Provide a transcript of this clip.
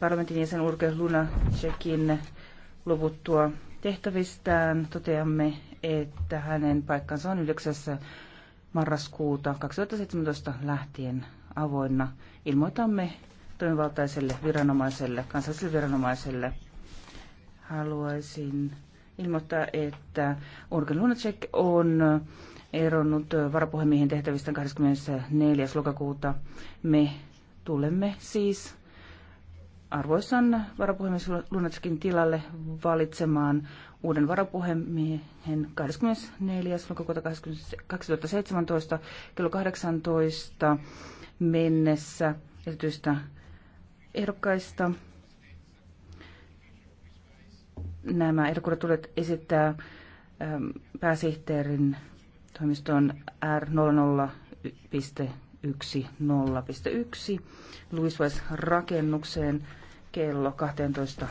parlamentin jäsen Urke Lunacekin luvuttua tehtävistään toteamme, että hänen paikkansa on 9. marraskuuta 2017 lähtien avoinna. Ilmoitamme toimivaltaiselle viranomaiselle, kansalliselle viranomaiselle. Haluaisin ilmoittaa, että Urke Lunacek on eronnut varapuhemiehen tehtävistä 24. lokakuuta. Me tulemme siis arvoisan varapuhemies Lunatskin tilalle valitsemaan uuden varapuhemiehen 24. lokakuuta 2017 kello 18 mennessä esitystä ehdokkaista. Nämä ehdokkuudet tulee esittää ähm, pääsihteerin toimistoon R00.10.1 Luisvais-rakennukseen kello 12.